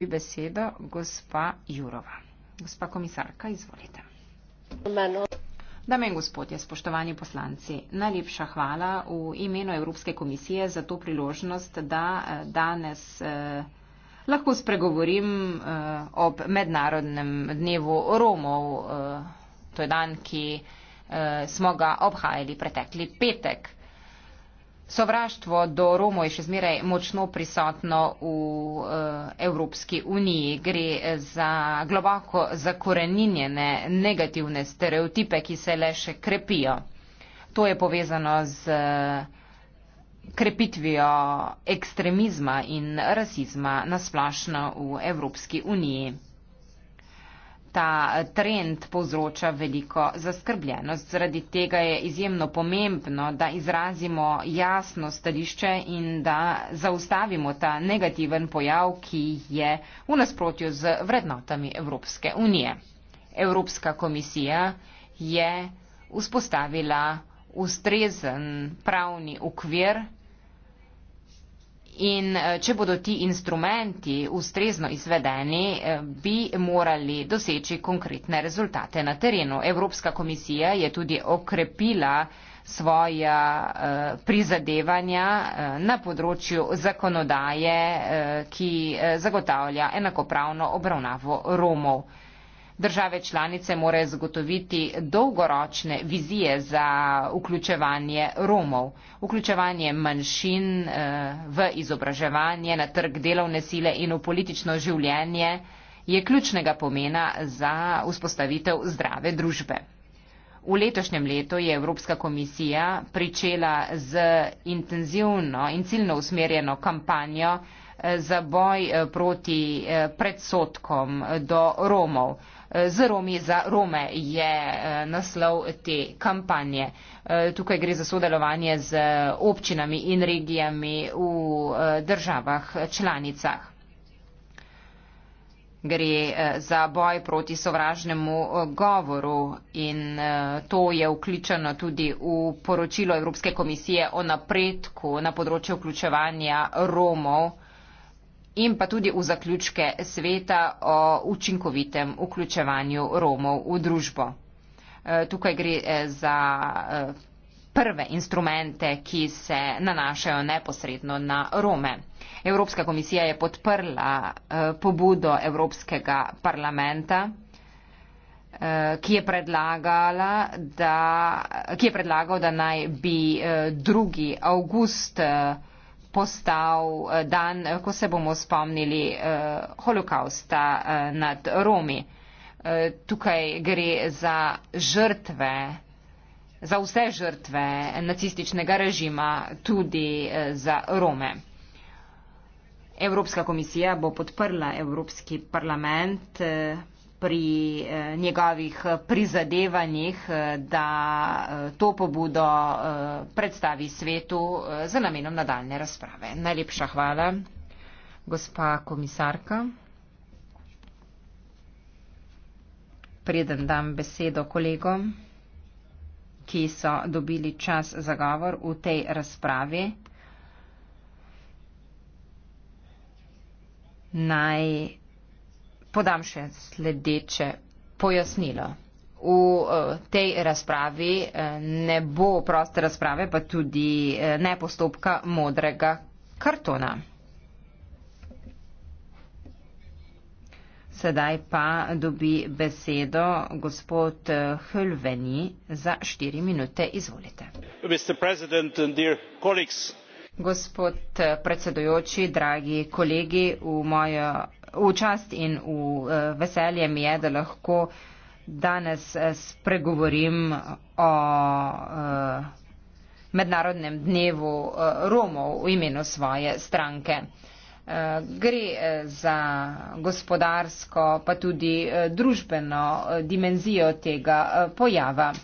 dobi besedo gospa Jurova. Gospa komisarka, izvolite. Dame in gospodje, spoštovani poslanci, najlepša hvala v imenu Evropske komisije za to priložnost, da eh, danes eh, lahko spregovorim eh, ob mednarodnem dnevu Romov. To je dan, ki smo ga obhajali pretekli petek. Sovraštvo do Romov je še zmeraj močno prisotno v eh, Evropski uniji. Gre eh, za globoko zakoreninjene negativne stereotipe, ki se le še krepijo. To je povezano z eh, krepitvijo ekstremizma in rasizma nasplašno v Evropski uniji ta trend povzroča veliko zaskrbljenost. Zaradi tega je izjemno pomembno, da izrazimo jasno stališče in da zaustavimo ta negativen pojav, ki je v nasprotju z vrednotami Evropske unije. Evropska komisija je vzpostavila ustrezen pravni ukvir, In eh, če bodo ti instrumenti ustrezno izvedeni, eh, bi morali doseči konkretne rezultate na terenu. Evropska komisija je tudi okrepila svoja eh, prizadevanja na področju zakonodaje, ki zagotavlja enakopravno obravnavo Romov. Države članice morajo zagotoviti dolgoročne vizije za vključevanje Romov, vključevanje manjšin eh, v izobraževanje, na trg delovne sile in v politično življenje je ključnega pomena za vzpostavitev zdrave družbe. V letošnjem letu je Evropska komisija pričela z intenzivno in ciljno usmerjeno kampanjo za boj eh, proti eh, predsotkom eh, do Romov. Z Romi za Rome je naslov te kampanje. Tukaj gre za sodelovanje z občinami in regijami v državah članicah. Gre za boj proti sovražnemu govoru in to je vključeno tudi v poročilo Evropske komisije o napredku na področju vključevanja Romov in pa tudi v zaključke sveta o učinkovitem vključevanju Romov v družbo. E, tukaj gre e, za e, prve instrumente, ki se nanašajo neposredno na Rome. Evropska komisija je podprla pobudo Evropskega parlamenta, ki je, da, ki je predlagal, da naj bi 2. august postal eh, dan, eh, ko se bomo spomnili uh, eh, holokausta uh, nad Romi. Uh, tukaj gre za žrtve, za vse žrtve nacističnega režima, tudi uh, za Rome. Evropska komisija bo podprla Evropski parlament. Uh, pri eh, njegovih eh, prizadevanjih, eh, da to pobudo predstavi svetu za namenom nadaljne razprave. Najlepša hvala, gospa komisarka. Preden dam besedo kolegom, ki so dobili čas za govor v tej razpravi, naj podam še sledeče pojasnilo. V eh, tej razpravi eh, ne bo proste razprave, pa tudi eh, ne postopka modrega kartona. Sedaj pa dobi besedo gospod Hulveni za štiri minute. Izvolite. Gospod predsedujoči, dragi kolegi, v mojo v čast in v eh, veselje mi je, da lahko danes eh, spregovorim o eh, mednarodnem dnevu Romov v imenu svoje stranke. Gre za gospodarsko, pa tudi družbeno dimenzijo tega pojava.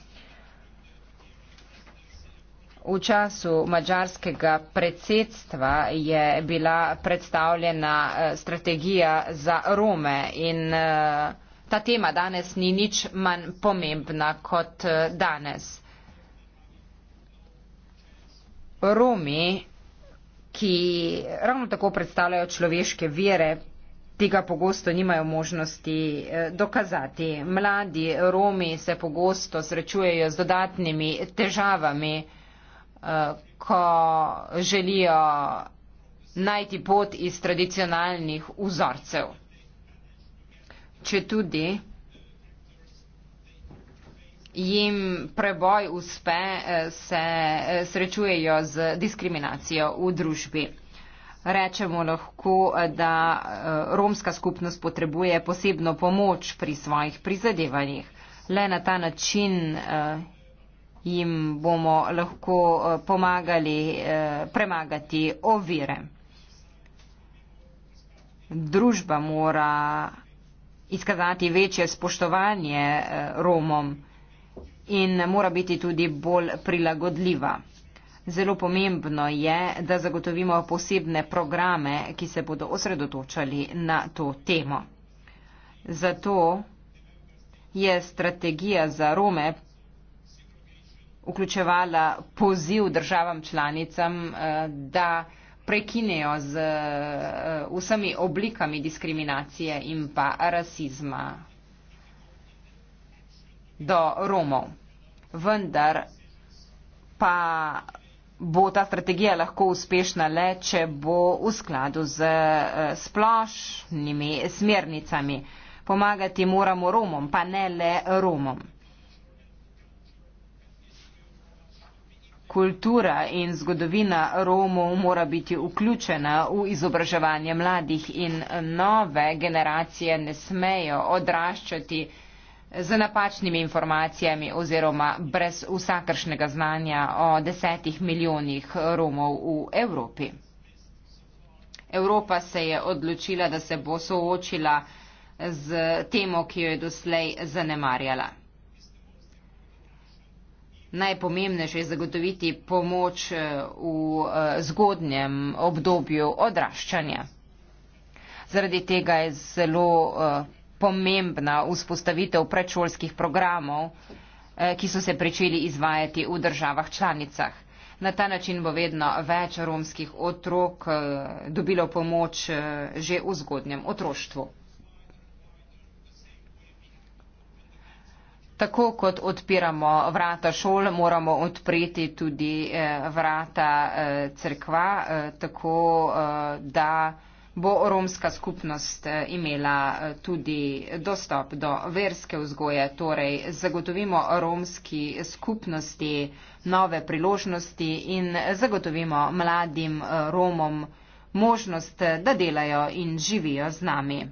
V času mađarskega predsedstva je bila predstavljena eh, strategija za Rome in eh, ta tema danes ni nič manj pomembna kot eh, danes. Romi, ki ravno tako predstavljajo človeške vere, tega pogosto nimajo možnosti dokazati. Mladi Romi se pogosto srečujejo z dodatnimi težavami, Eh, ko želijo najti pot iz tradicionalnih vzorcev. Če tudi jim preboj uspe, eh, se eh, srečujejo z diskriminacijo v družbi. Rečemo lahko, da romska skupnost potrebuje posebno pomoč pri svojih prizadevanjih. Le na ta način jim bomo lahko eh, pomagali eh, premagati ovire. Družba mora izkazati večje spoštovanje eh, Romom in mora biti tudi bolj prilagodljiva. Zelo pomembno je, da zagotovimo posebne programe, ki se bodo osredotočali na to temo. Zato je strategija za Rome vključevala poziv državam članicam, eh, da prekinejo z eh, vsemi oblikami diskriminacije in pa rasizma do Romov. Vendar pa bo ta strategija lahko uspešna le, če bo v skladu z eh, splošnimi smernicami. Pomagati moramo Romom, pa ne le Romom. kultura in zgodovina Romov mora biti vključena v izobraževanje mladih in nove generacije ne smejo odraščati z napačnimi informacijami oziroma brez vsakršnega znanja o desetih milijonih Romov v Evropi. Evropa se je odločila, da se bo soočila z temo, ki jo je doslej zanemarjala najpomembnejše je zagotoviti pomoč eh, v eh, zgodnjem obdobju odraščanja. Zaradi tega je zelo eh, pomembna vzpostavitev predšolskih programov, ki so se pričeli izvajati v državah članicah. Na ta način bo vedno več romskih otrok dobilo pomoč že v zgodnjem otroštvu. Tako kot odpiramo vrata šol, moramo odpreti tudi eh, vrata eh, crkva, eh, tako da bo romska skupnost imela tudi dostop do verske vzgoje. Torej, zagotovimo romski skupnosti nove priložnosti in zagotovimo mladim Romom možnost, da delajo in živijo z nami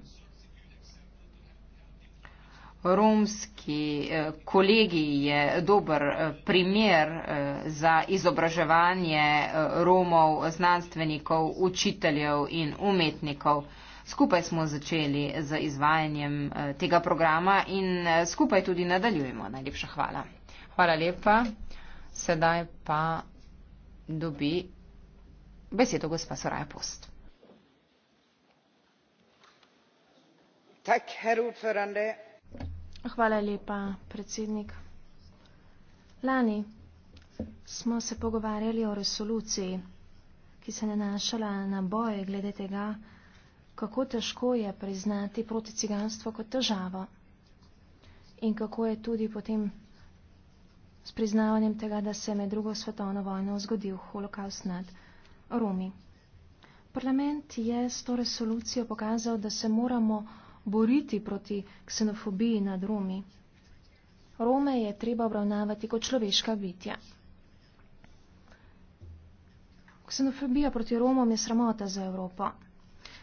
romski eh, kolegij je dober eh, primer eh, za izobraževanje Romov, znanstvenikov, učiteljev in umetnikov. Skupaj smo začeli z izvajanjem tega programa in skupaj tudi nadaljujemo. Najlepša hvala. Hvala lepa. Sedaj pa dobi besedo gospa Soraja Post. Tak, herr Uferande, Hvala lepa, predsednik. Lani smo se pogovarjali o resoluciji, ki se nanašala na boje glede tega, kako težko je priznati proticiganstvo kot težavo in kako je tudi potem s priznavanjem tega, da se je med drugo svetovno vojno zgodil holokaust nad Romi. Parlament je s to resolucijo pokazal, da se moramo boriti proti ksenofobiji nad Romi. Rome je treba obravnavati kot človeška bitja. Ksenofobija proti Romom je sramota za Evropo.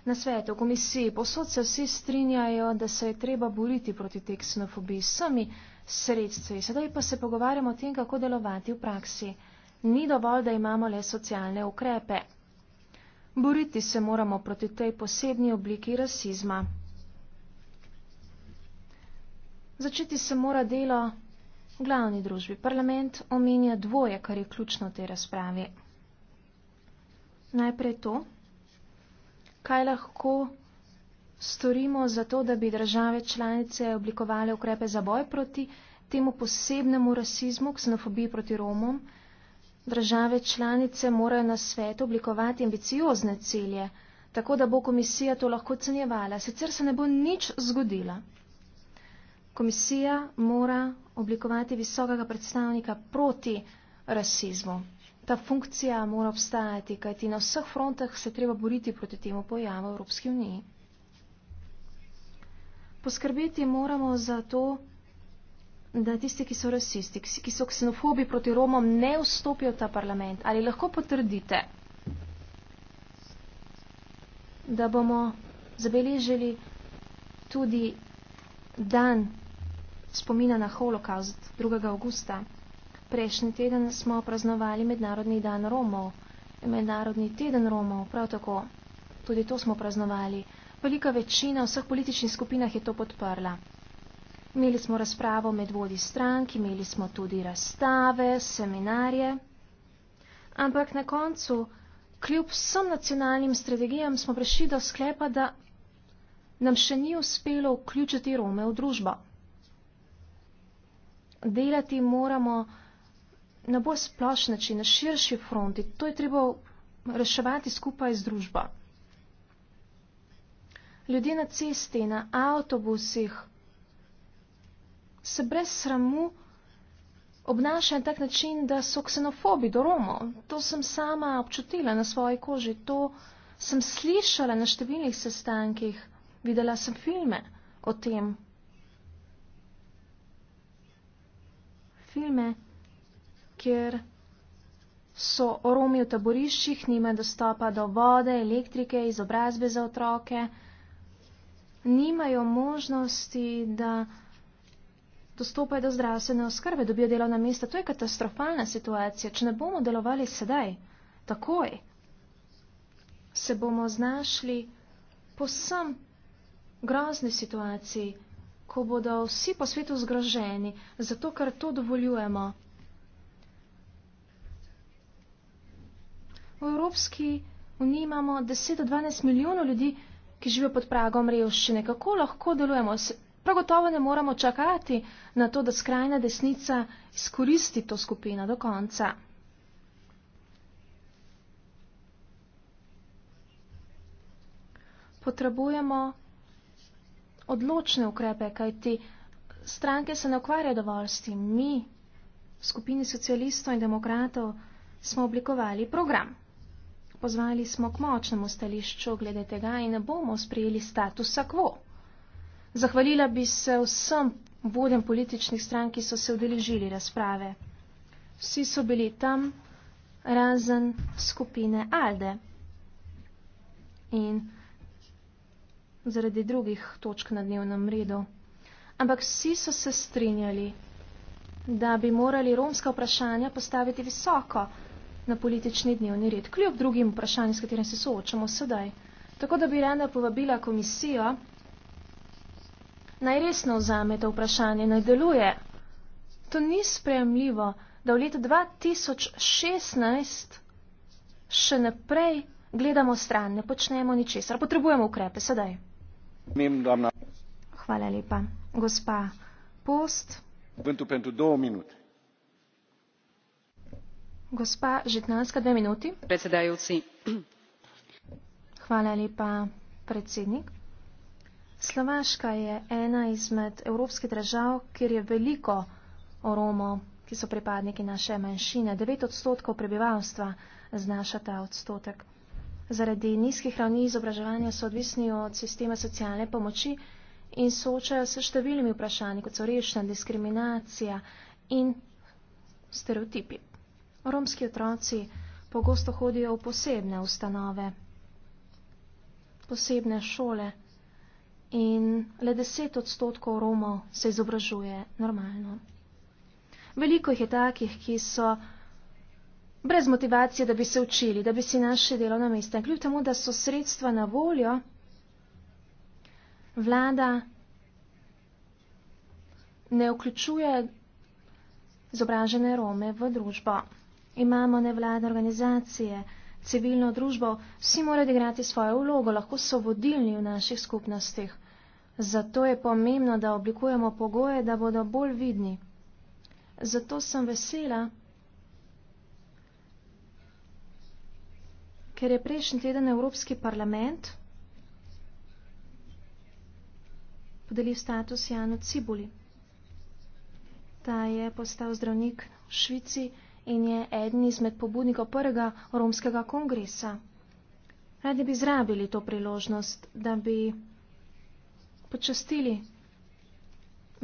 Na svetu, v komisiji, posod se vsi strinjajo, da se je treba boriti proti tej ksenofobiji sami sredstvi. Sedaj pa se pogovarjamo o tem, kako delovati v praksi. Ni dovolj, da imamo le socialne ukrepe. Boriti se moramo proti tej posebni obliki rasizma. Začeti se mora delo v glavni družbi. Parlament omenja dvoje, kar je ključno v tej razpravi. Najprej to, kaj lahko storimo za to, da bi države članice oblikovali ukrepe za boj proti temu posebnemu rasizmu, ksenofobiji proti Romom. Države članice morajo na svet oblikovati ambiciozne cilje, tako da bo komisija to lahko ocenjevala. Sicer se ne bo nič zgodila komisija mora oblikovati visokega predstavnika proti rasizmu. Ta funkcija mora obstajati, kajti na vseh frontah se treba boriti proti temu pojavu Evropske unije. Poskrbeti moramo za to, da tisti, ki so rasisti, ki so ksenofobi proti Romom, ne vstopijo v ta parlament. Ali lahko potrdite, da bomo zabeležili tudi dan spomina na holokaust 2. augusta. Prejšnji teden smo praznovali Mednarodni dan Romov, Mednarodni teden Romov, prav tako. Tudi to smo praznovali. Velika večina vseh političnih skupinah je to podprla. Imeli smo razpravo med vodi strank, imeli smo tudi razstave, seminarje. Ampak na koncu, kljub vsem nacionalnim strategijam, smo prišli do sklepa, da nam še ni uspelo vključiti Rome v družbo delati moramo na bolj splošni način, na širši fronti. To je treba reševati skupaj z družbo. Ljudje na cesti, na avtobusih se brez sramu obnašajo na tak način, da so ksenofobi do Romov. To sem sama občutila na svoji koži, to sem slišala na številnih sestankih, videla sem filme o tem. filme, kjer so Romi v taboriščih, nima dostopa do vode, elektrike, izobrazbe za otroke, nimajo možnosti, da dostopajo do zdravstvene oskrbe, dobijo delovna mesta. To je katastrofalna situacija. Če ne bomo delovali sedaj, takoj, se bomo znašli posem grozni situaciji ko bodo vsi po svetu zgroženi, zato ker to dovoljujemo. V Evropski uniji imamo 10-12 milijonov ljudi, ki živijo pod pragom revščine. Kako lahko delujemo? Prav gotovo ne moramo čakati na to, da skrajna desnica izkoristi to skupino do konca. Potrebujemo odločne ukrepe, kajti stranke se ne ukvarjajo dovolj s tem. Mi, skupini socialistov in demokratov, smo oblikovali program. Pozvali smo k močnemu stališču glede tega in ne bomo sprejeli statusa quo. Zahvalila bi se vsem vodem političnih strank, ki so se udeležili razprave. Vsi so bili tam, razen skupine Alde. In zaradi drugih točk na dnevnem redu. Ampak vsi so se strinjali, da bi morali romska vprašanja postaviti visoko na politični dnevni red, kljub drugim vprašanjem, s katerim se soočamo sedaj. Tako da bi rada povabila komisijo, naj resno vzame to vprašanje, naj deluje. To ni sprejemljivo, da v letu 2016 še naprej gledamo stran, ne počnemo ničesar, potrebujemo ukrepe sedaj. Hvala lepa. Gospa Post. Cuvântul pentru două minute. Gospa Žitnanska, dve minuti. Predsedajoci. Hvala lepa, predsednik. Slovaška je ena izmed evropskih držav, kjer je veliko Romo, ki so pripadniki naše manjšine. 9 odstotkov prebivalstva znaša ta odstotek zaradi nizkih ravni izobraževanja so odvisni od sistema socialne pomoči in soočajo se številnimi vprašanji, kot so rešna diskriminacija in stereotipi. Romski otroci pogosto hodijo v posebne ustanove, posebne šole in le deset odstotkov Romov se izobražuje normalno. Veliko jih je takih, ki so vsega, brez motivacije, da bi se učili, da bi si našli delovna mesta. Kljub temu, da so sredstva na voljo, vlada ne vključuje izobražene Rome v družbo. Imamo nevladne organizacije, civilno družbo, vsi morajo igrati svojo vlogo, lahko so vodilni v naših skupnostih. Zato je pomembno, da oblikujemo pogoje, da bodo bolj vidni. Zato sem vesela, ker je prejšnji teden Evropski parlament podelil status Janu Cibuli. Ta je postal zdravnik v Švici in je eden izmed pobudnikov prvega romskega kongresa. Radi bi zrabili to priložnost, da bi počastili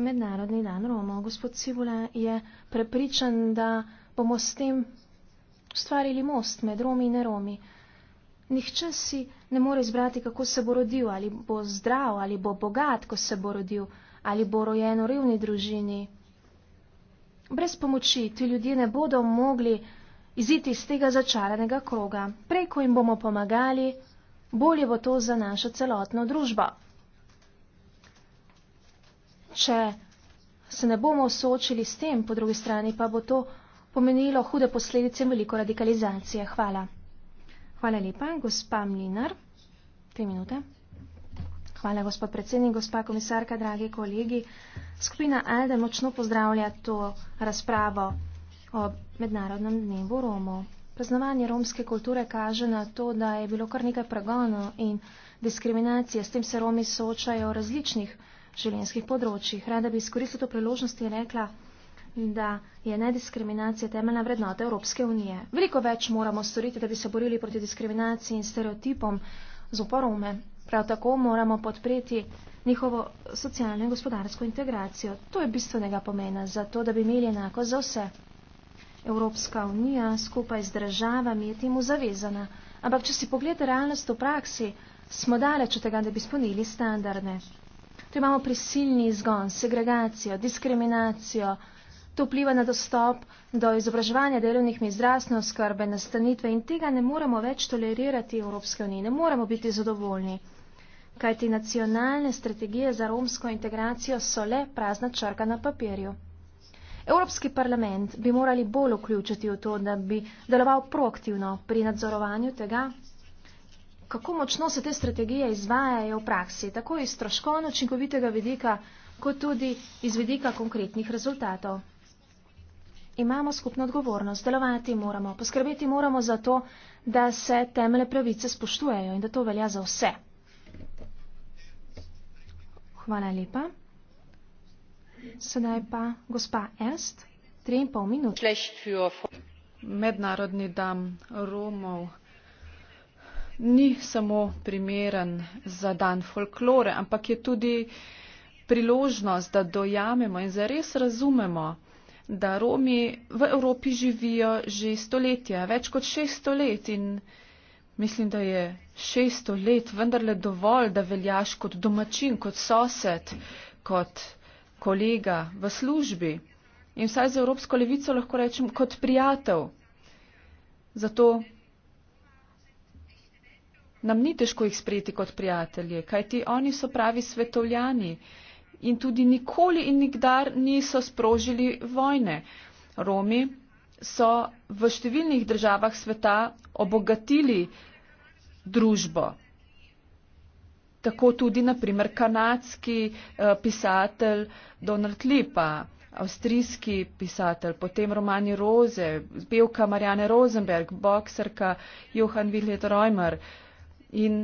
Mednarodni dan Romov. Gospod Cibula je prepričan, da bomo s tem ustvarili most med Romi in Neromi nihče si ne more izbrati, kako se bo rodil, ali bo zdrav, ali bo bogat, ko se bo rodil, ali bo rojen v revni družini. Brez pomoči ti ljudje ne bodo mogli iziti iz tega začaranega kroga. Prej, ko jim bomo pomagali, bolje bo to za našo celotno družbo. Če se ne bomo soočili s tem, po drugi strani pa bo to pomenilo hude posledice veliko radikalizacije. Hvala. Hvala lepa, gospa Mlinar. Tri minute. Hvala, gospod predsednik, gospa komisarka, dragi kolegi. Skupina ALDE močno pozdravlja to razpravo o mednarodnem dnevu Romov. Preznavanje romske kulture kaže na to, da je bilo kar nekaj pregono in diskriminacije. S tem se Romi soočajo v različnih življenjskih področjih. Rada bi izkoristila to priložnost in rekla, in da je nediskriminacija temeljna vrednota Evropske unije. Veliko več moramo storiti, da bi se borili proti diskriminaciji in stereotipom z uporome. Prav tako moramo podpreti njihovo socialno in gospodarsko integracijo. To je bistvenega pomena za to, da bi imeli enako za vse. Evropska unija skupaj z državami je temu zavezana, ampak če si pogledate realnost v praksi, smo daleč od tega, da bi spolnili standarde. Tu imamo prisilni izgon, segregacijo, diskriminacijo, To vpliva na dostop do izobraževanja delovnih mest, zdravstvene oskrbe, nastanitve in tega ne moremo več tolerirati Evropske unije, ne moremo biti zadovoljni. Kaj ti nacionalne strategije za romsko integracijo so le prazna črka na papirju. Evropski parlament bi morali bolj vključiti v to, da bi deloval proaktivno pri nadzorovanju tega, kako močno se te strategije izvajajo v praksi, tako iz troškovno učinkovitega vidika, kot tudi iz vidika konkretnih rezultatov imamo skupno odgovornost, delovati moramo, poskrbeti moramo za to, da se temele pravice spoštujejo in da to velja za vse. Hvala lepa. Sedaj pa gospa Est, tri in pol minut. Mednarodni dan Romov ni samo primeren za dan folklore, ampak je tudi priložnost, da dojamemo in zares razumemo, da Romi v Evropi živijo že stoletja, več kot 600 let in mislim, da je 600 let vendarle dovolj, da veljaš kot domačin, kot sosed, kot kolega v službi in vsaj z Evropsko levico lahko rečem kot prijatelj. Zato nam ni težko jih sprejeti kot prijatelje, kajti oni so pravi svetovljani in tudi nikoli in nikdar niso sprožili vojne. Romi so v številnih državah sveta obogatili družbo. Tako tudi naprimer kanadski eh, pisatelj Donald Lipa, avstrijski pisatelj, potem romani Roze, belka Marjane Rosenberg, bokserka Johan Wilhelm Reumer in,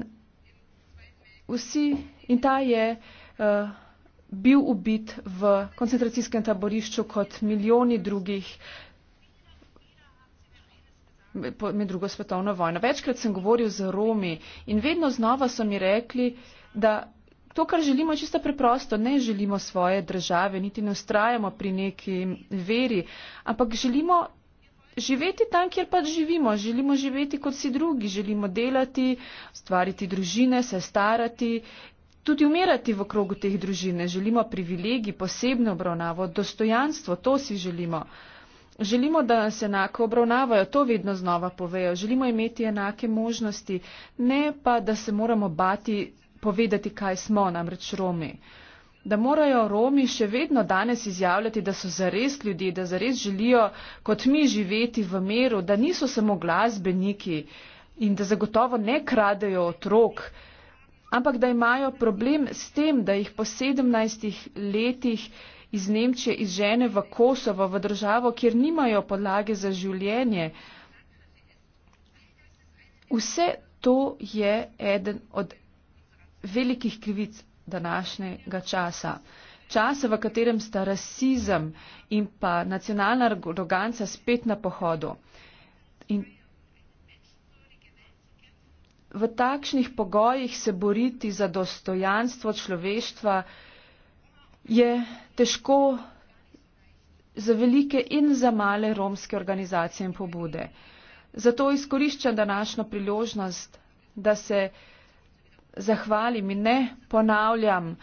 vsi, in ta je eh, bil ubit v koncentracijskem taborišču kot milijoni drugih med drugo svetovno vojno. Večkrat sem govoril z Romi in vedno znova so mi rekli, da to, kar želimo, je čisto preprosto. Ne želimo svoje države, niti ne ustrajamo pri neki veri, ampak želimo živeti tam, kjer pač živimo. Želimo živeti kot si drugi, želimo delati, stvariti družine, se starati Tudi umirati v krogu teh družine želimo privilegij, posebno obravnavo, dostojanstvo, to si želimo. Želimo, da nas enako obravnavajo, to vedno znova povejo. Želimo imeti enake možnosti, ne pa, da se moramo bati povedati, kaj smo, namreč Romi. Da morajo Romi še vedno danes izjavljati, da so zares ljudje, da zares želijo kot mi živeti v meru, da niso samo glasbeniki in da zagotovo ne kradejo otrok ampak da imajo problem s tem, da jih po 17 letih iz Nemčije izžene v Kosovo, v državo, kjer nimajo podlage za življenje. Vse to je eden od velikih krivic današnjega časa. Časa, v katerem sta rasizem in pa nacionalna aroganca spet na pohodu. In v takšnih pogojih se boriti za dostojanstvo človeštva je težko za velike in za male romske organizacije in pobude. Zato izkoriščam današnjo priložnost, da se zahvalim in ne ponavljam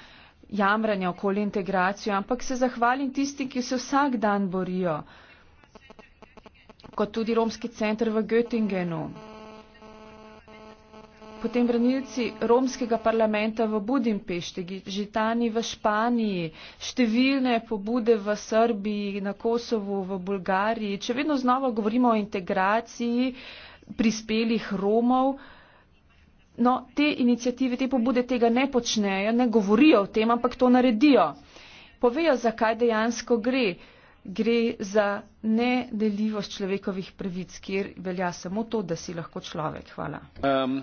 jamranja okoli integracijo, ampak se zahvalim tistim, ki se vsak dan borijo, kot tudi romski center v Göttingenu, potem branilci romskega parlamenta v Budimpešti, žitani v Španiji, številne pobude v Srbiji, na Kosovu, v Bulgariji. Če vedno znova govorimo o integraciji prispelih Romov, no, te inicijative, te pobude tega ne počnejo, ne govorijo o tem, ampak to naredijo. Povejo, zakaj dejansko gre gre za nedeljivost človekovih pravic, kjer velja samo to, da si lahko človek. Hvala. Um,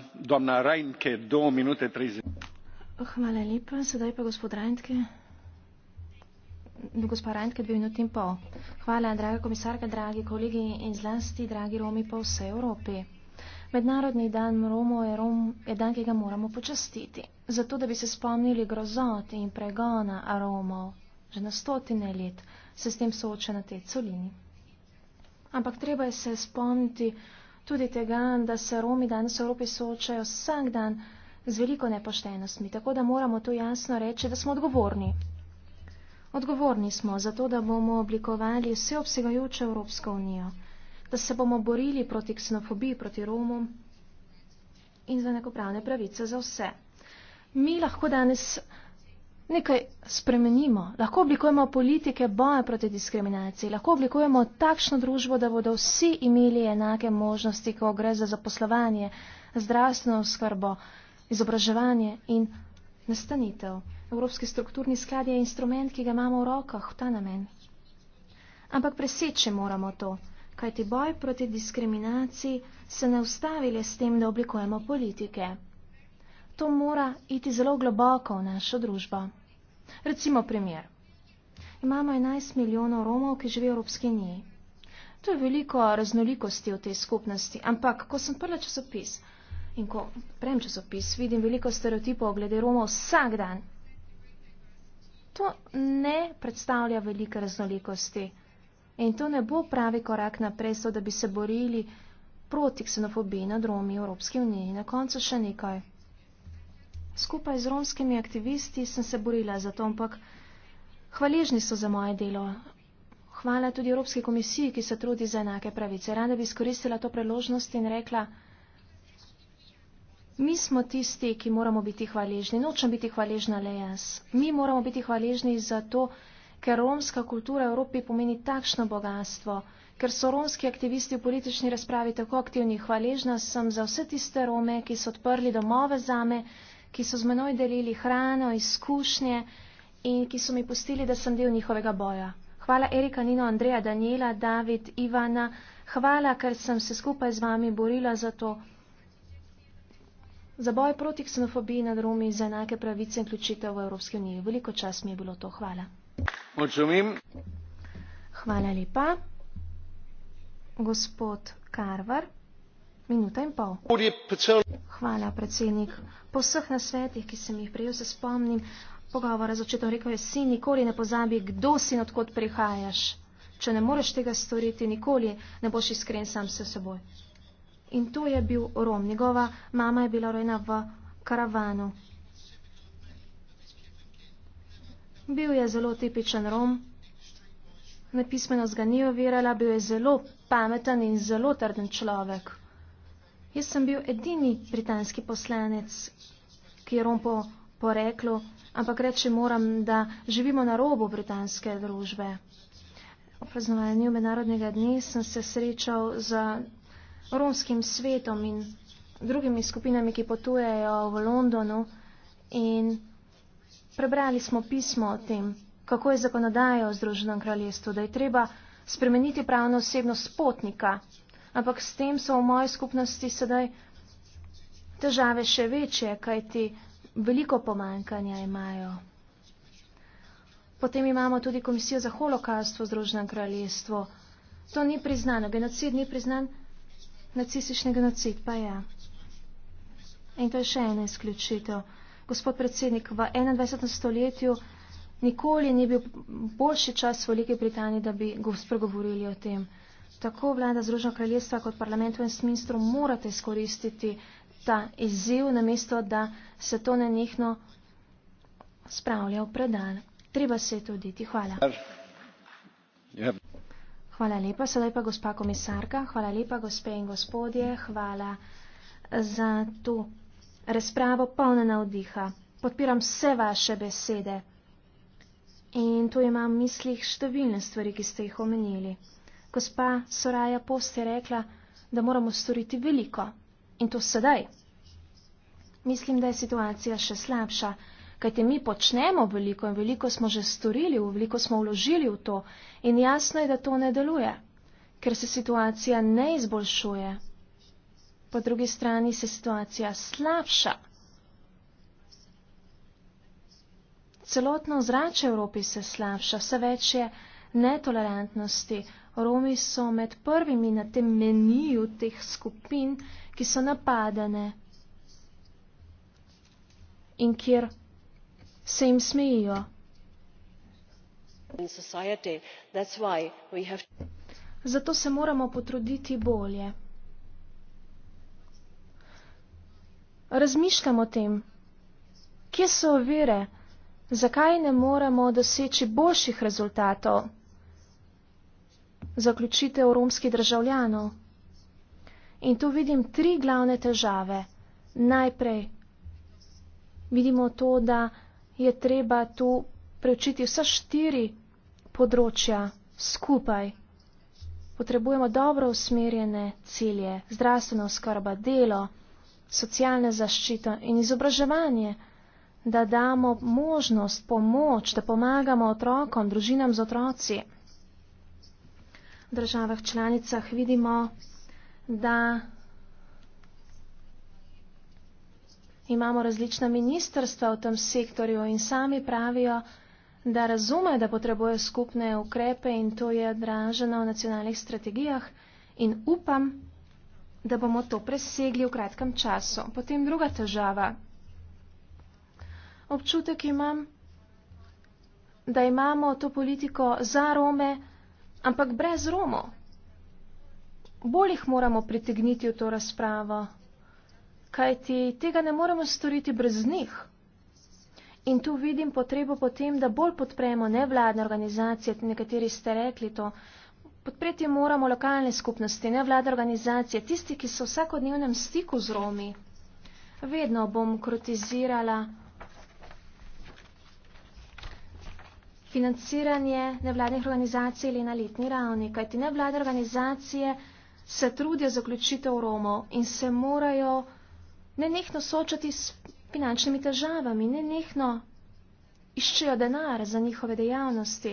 Hvala, draga komisarka, dragi kolegi in zlasti, dragi Romi po vsej Evropi. Mednarodni dan Romo je, Rom, je dan, ki ga moramo počastiti, zato da bi se spomnili grozot in pregona Romov že na stotine let se s tem sooča na tej celini. Ampak treba je se spomniti tudi tega, da se Romi danes v Evropi soočajo vsak dan z veliko nepoštenostmi, tako da moramo to jasno reči, da smo odgovorni. Odgovorni smo za to, da bomo oblikovali vseobsegajočo Evropsko unijo, da se bomo borili proti ksenofobiji, proti Romom in za nekopravne pravice za vse. Mi lahko danes nekaj spremenimo. Lahko oblikujemo politike boja proti diskriminaciji, lahko oblikujemo takšno družbo, da bodo vsi imeli enake možnosti, ko gre za zaposlovanje, zdravstveno skrbo, izobraževanje in nastanitev. Evropski strukturni sklad je instrument, ki ga imamo v rokah v ta namen. Ampak preseči moramo to, kajti boj proti diskriminaciji se ne ustavili s tem, da oblikujemo politike to mora iti zelo globoko v našo družbo. Recimo primer. Imamo 11 milijonov Romov, ki živijo v Evropski uniji. To je veliko raznolikosti v tej skupnosti, ampak ko sem prla časopis in ko prejem časopis, vidim veliko stereotipov glede Romov vsak dan. To ne predstavlja velike raznolikosti in to ne bo pravi korak naprej, so da bi se borili proti ksenofobiji nad Romi v Evropski uniji. Na koncu še nekaj. Skupaj z romskimi aktivisti sem se borila za to, ampak hvaležni so za moje delo. Hvala tudi Evropski komisiji, ki se trudi za enake pravice. Rada bi izkoristila to priložnost in rekla, mi smo tisti, ki moramo biti hvaležni. Nočem biti hvaležna le jaz. Mi moramo biti hvaležni za to, ker romska kultura v Evropi pomeni takšno bogatstvo, ker so romski aktivisti v politični razpravi tako aktivni. Hvaležna sem za vse tiste Rome, ki so odprli domove zame, ki so z menoj delili hrano, izkušnje in ki so mi pustili, da sem del njihovega boja. Hvala Erika, Nino, Andreja, Daniela, David, Ivana. Hvala, ker sem se skupaj z vami borila za to. Za boj proti ksenofobiji nad Romi za enake pravice in vključitev v Evropski uniji. Veliko čas mi je bilo to. Hvala. Očumim. Hvala lepa. Gospod Karvar. Minuta in pol. Hvala, predsednik. Po vseh nasvetih, ki sem jih prejel, se spomnim pogovora z očetom. Rekel je, si nikoli ne pozabi, kdo si in odkot prihajaš. Če ne moreš tega storiti, nikoli ne boš iskren sam s seboj. In to je bil Rom. Njegova mama je bila rojena v karavanu. Bil je zelo tipičen Rom. Nepismenost ga ni ovirala, bil je zelo pameten in zelo trden človek. Jaz sem bil edini britanski poslanec, ki je rompo poreklo, ampak reči moram, da živimo na robu britanske družbe. Ob praznovanju mednarodnega dne sem se srečal z romskim svetom in drugimi skupinami, ki potujejo v Londonu in prebrali smo pismo o tem, kako je zakonodaja v Združenem kraljestvu, da je treba spremeniti pravno osebnost potnika ampak s tem so v moji skupnosti sedaj težave še večje, kajti veliko pomankanja imajo. Potem imamo tudi komisijo za holokaust v Združenem kraljestvu. To ni priznano, genocid ni priznan, nacistični genocid pa je. Ja. In to je še ena izključitev. Gospod predsednik, v 21. stoletju nikoli ni bil boljši čas v Veliki Britaniji, da bi spregovorili o tem tako vlada Združeno kraljestva kot parlament v Westminsteru morate izkoristiti ta izziv, namesto da se to ne njihno spravlja v predal. Treba se je truditi. Hvala. Hvala lepa. Sedaj pa gospa komisarka. Hvala lepa, gospe in gospodje. Hvala za to razpravo, polna navdiha. Podpiram vse vaše besede. In tu imam v mislih številne stvari, ki ste jih omenili. Gospa Soraja Post je rekla, da moramo storiti veliko in to sedaj. Mislim, da je situacija še slabša, kajte mi počnemo veliko in veliko smo že storili, veliko smo vložili v to in jasno je, da to ne deluje, ker se situacija ne izboljšuje. Po drugi strani se situacija slabša. Celotno zrače Evropi se slabša, vse več je netolerantnosti, Romi so med prvimi na tem meniju teh skupin, ki so napadene in kjer se jim smejijo. Zato se moramo potruditi bolje. Razmišljamo o tem, kje so vire, zakaj ne moremo doseči boljših rezultatov zaključitev romskih državljanov. In tu vidim tri glavne težave. Najprej vidimo to, da je treba tu preučiti vsa štiri področja skupaj. Potrebujemo dobro usmerjene cilje, zdravstveno skrba, delo, socialne zaščito in izobraževanje, da damo možnost, pomoč, da pomagamo otrokom, družinam z otroci državah članicah vidimo, da imamo različna ministrstva v tem sektorju in sami pravijo, da razumejo, da potrebujejo skupne ukrepe in to je draženo v nacionalnih strategijah in upam, da bomo to presegli v kratkem času. Potem druga težava. Občutek imam, da imamo to politiko za Rome, ampak brez Romo. Bolj jih moramo pritegniti v to razpravo, kajti tega ne moremo storiti brez njih. In tu vidim potrebo potem, da bolj podpremo nevladne organizacije, nekateri ste rekli to, podpreti moramo lokalne skupnosti, nevladne organizacije, tisti, ki so v vsakodnevnem stiku z Romi. Vedno bom kritizirala. financiranje nevladnih organizacij ali na letni ravni, kajti nevladne organizacije se trudijo zaključitev Romov in se morajo nenehno soočati s finančnimi težavami, nenehno iščejo denar za njihove dejavnosti.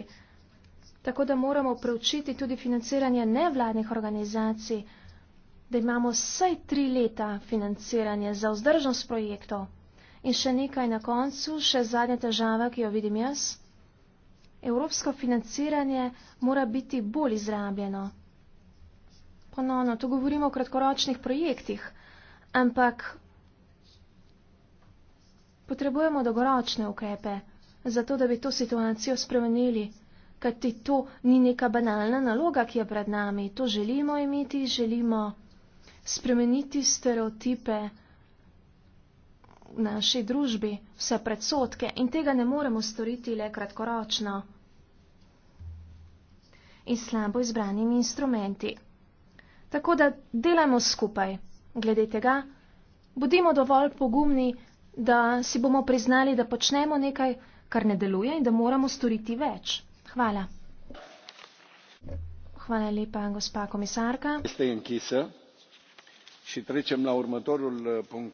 Tako da moramo preučiti tudi financiranje nevladnih organizacij, da imamo vsaj tri leta financiranje za vzdržnost projektov. In še nekaj na koncu, še zadnja težava, ki jo vidim jaz evropsko financiranje mora biti bolj izrabljeno. Ponovno, to govorimo o kratkoročnih projektih, ampak potrebujemo dolgoročne ukrepe, zato da bi to situacijo spremenili, kajti to ni neka banalna naloga, ki je pred nami. To želimo imeti, želimo spremeniti stereotipe v naši družbi, vse predsotke in tega ne moremo storiti le kratkoročno in slabo izbranimi instrumenti. Tako da delajmo skupaj, glede tega, bodimo dovolj pogumni, da si bomo priznali, da počnemo nekaj, kar ne deluje in da moramo storiti več. Hvala. Hvala lepa, gospa komisarka.